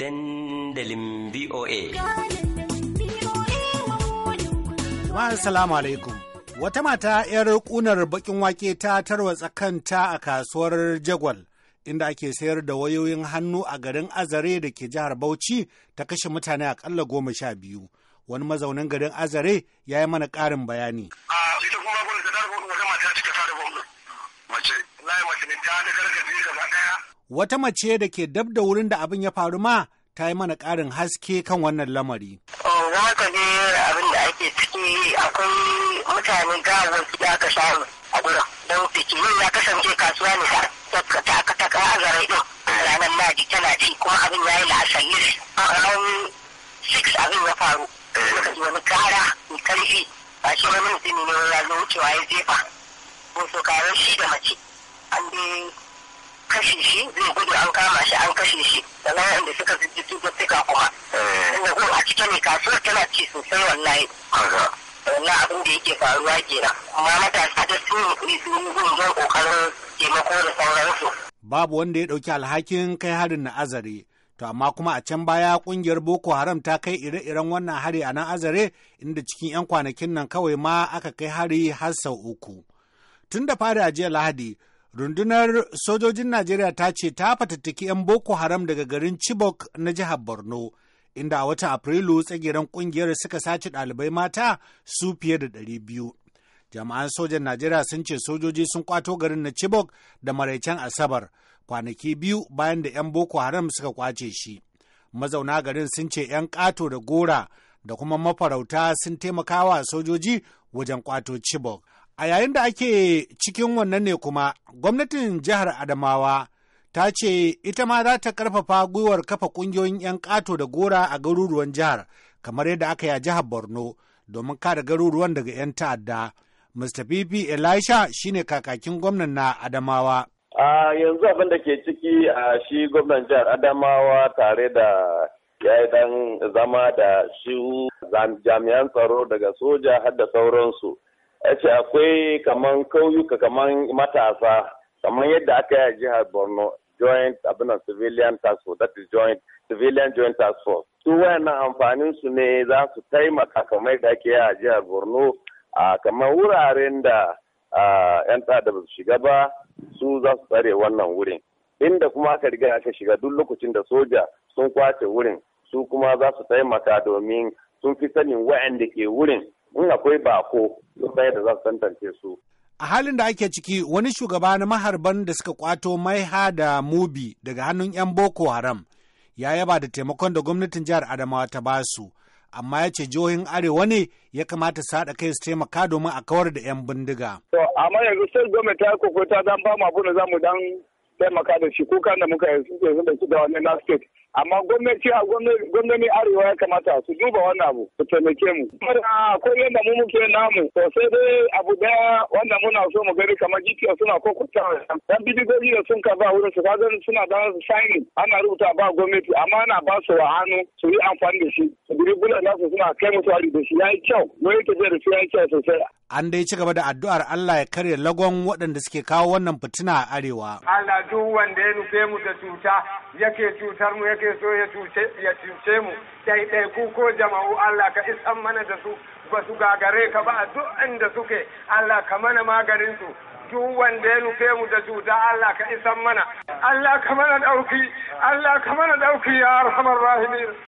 dandalin VOA. Salamu alaikum. Wata mata 'yar ƙunar bakin wake ta tarwatsa kanta a kasuwar Jagwal, inda ake sayar da wayoyin hannu a garin Azare da ke jihar Bauchi ta kashe mutane akalla goma sha biyu. Wani mazaunin garin Azare ya yi mana ƙarin bayani. Ita kuma wata mata mace, layi mace ne ta da gargajiya gaba ɗaya wata mace da ke dab da wurin da abin ya faru ma ta yi mana ƙarin haske kan wannan lamari. za ka je abin da ake ciki akwai mutane gawarki da aka samu a gura don yin ya kasance kasuwa ne ta aka taka a zarai ranar ladi tana ci kuma abin ya yi la'asari ranar 6 abin ya faru wani kara mai karfi ba shi wani mutumi ne ya zo wucewa ya jefa ko so kayan shi da mace an dai kashe shi zai gudu an kama shi an kashe shi Da na wanda suka zuci cututtuka kuma eh. inda ko a cikin ne kasuwar tana ci sosai wallahi wannan abin da yake faruwa kenan amma matasa da sun yi sun yi gungun kokarin taimako da sauransu babu wanda ya ɗauki alhakin kai harin na azare to amma kuma a can baya kungiyar boko haram ta kai ire-iren wannan hari a nan azare inda cikin 'yan kwanakin nan kawai ma aka kai hari har sau uku tun da fari a jiya lahadi Rundunar sojojin Najeriya ta ce ta fatattaki 'yan Boko Haram daga garin Chibok na jihar Borno, inda a watan Afrilu tsagiran kungiyar suka sace ɗalibai mata su fiye da ɗari biyu. Jami'an sojan Najeriya sun ce sojoji sun kwato garin na Chibok da maraicen Asabar, kwanaki biyu bayan da 'yan Boko Haram suka kwace shi. Mazauna garin sun ce 'yan ƙato da gora da kuma mafarauta sun taimakawa sojoji wajen kwato Chibok. A yayin da ake cikin wannan ne kuma, gwamnatin jihar Adamawa ta ce ita ma za ta ƙarfafa gwiwar kafa ƙungiyoyin 'yan ƙato da gora a garuruwan jihar, kamar yadda aka yi a jihar Borno, domin kada garuruwan daga 'yan ta'adda. Mr. Pipi Elisha shine kakakin gwamnan na Adamawa. A yanzu abin da ke ciki a shi gwamnan jihar Adamawa tare da ya yi zama da shi jami'an tsaro daga soja har da sauransu. ce akwai kaman kauyuka kaman matasa kaman yadda aka yi a jihar borno joint abin civilian task force that is joint civilian joint task force su wayannan amfanin su ne za su taimaka kamar yadda ake yi a jihar borno a kamar wuraren da yan tsada ba su shiga ba su za su tsare wannan wurin inda kuma aka riga aka shiga duk lokacin da soja sun kwace wurin su kuma za su taimaka domin sun fi sanin wa'anda ke wurin in akwai bako sun bayar da za tantance su. A halin da ake ciki wani shugaba na maharban da suka kwato maiha da mubi daga hannun 'yan Boko Haram ya yaba da taimakon da gwamnatin jihar Adamawa ta ba su, amma ya ce jihohin Arewa ne ya kamata su haɗa kai su taimaka domin a kawar da 'yan bindiga. To, amma yanzu sai gwamnati ta kokota ta dan ba mu abu da za mu dan taimaka da shi kuka da muka yanzu da su da wani na state amma gwamnati a gwamnati arewa ya kamata su duba wannan abu su taimake mu kuma akwai yadda mu muke namu to sai dai abu daya wanda muna so mu gani kamar jikiya suna kokuta dan bidigogi da sun ba wurin su kaga suna da signing ana rubuta ba gwamnati amma ana ba su wa hannu su yi amfani da shi su biri bulan nasu suna kai musu hari da shi yayi kyau mu yake je da shi yayi kyau sosai an dai ci gaba da addu'ar Allah ya karya lagon waɗanda suke kawo wannan fitina a arewa Allah duk wanda ya nufe mu da cuta yake cutar mu yake kake so ya cuce ya cuce mu ɗaiɗaiku ko jama'u Allah ka isan mana da su ba su gagare ka ba a duk inda suke Allah ka mana maganin su duk wanda ya nufe mu da cuta Allah ka isan mana Allah ka mana ɗauki Allah ka mana ɗauki ya arhamar rahimin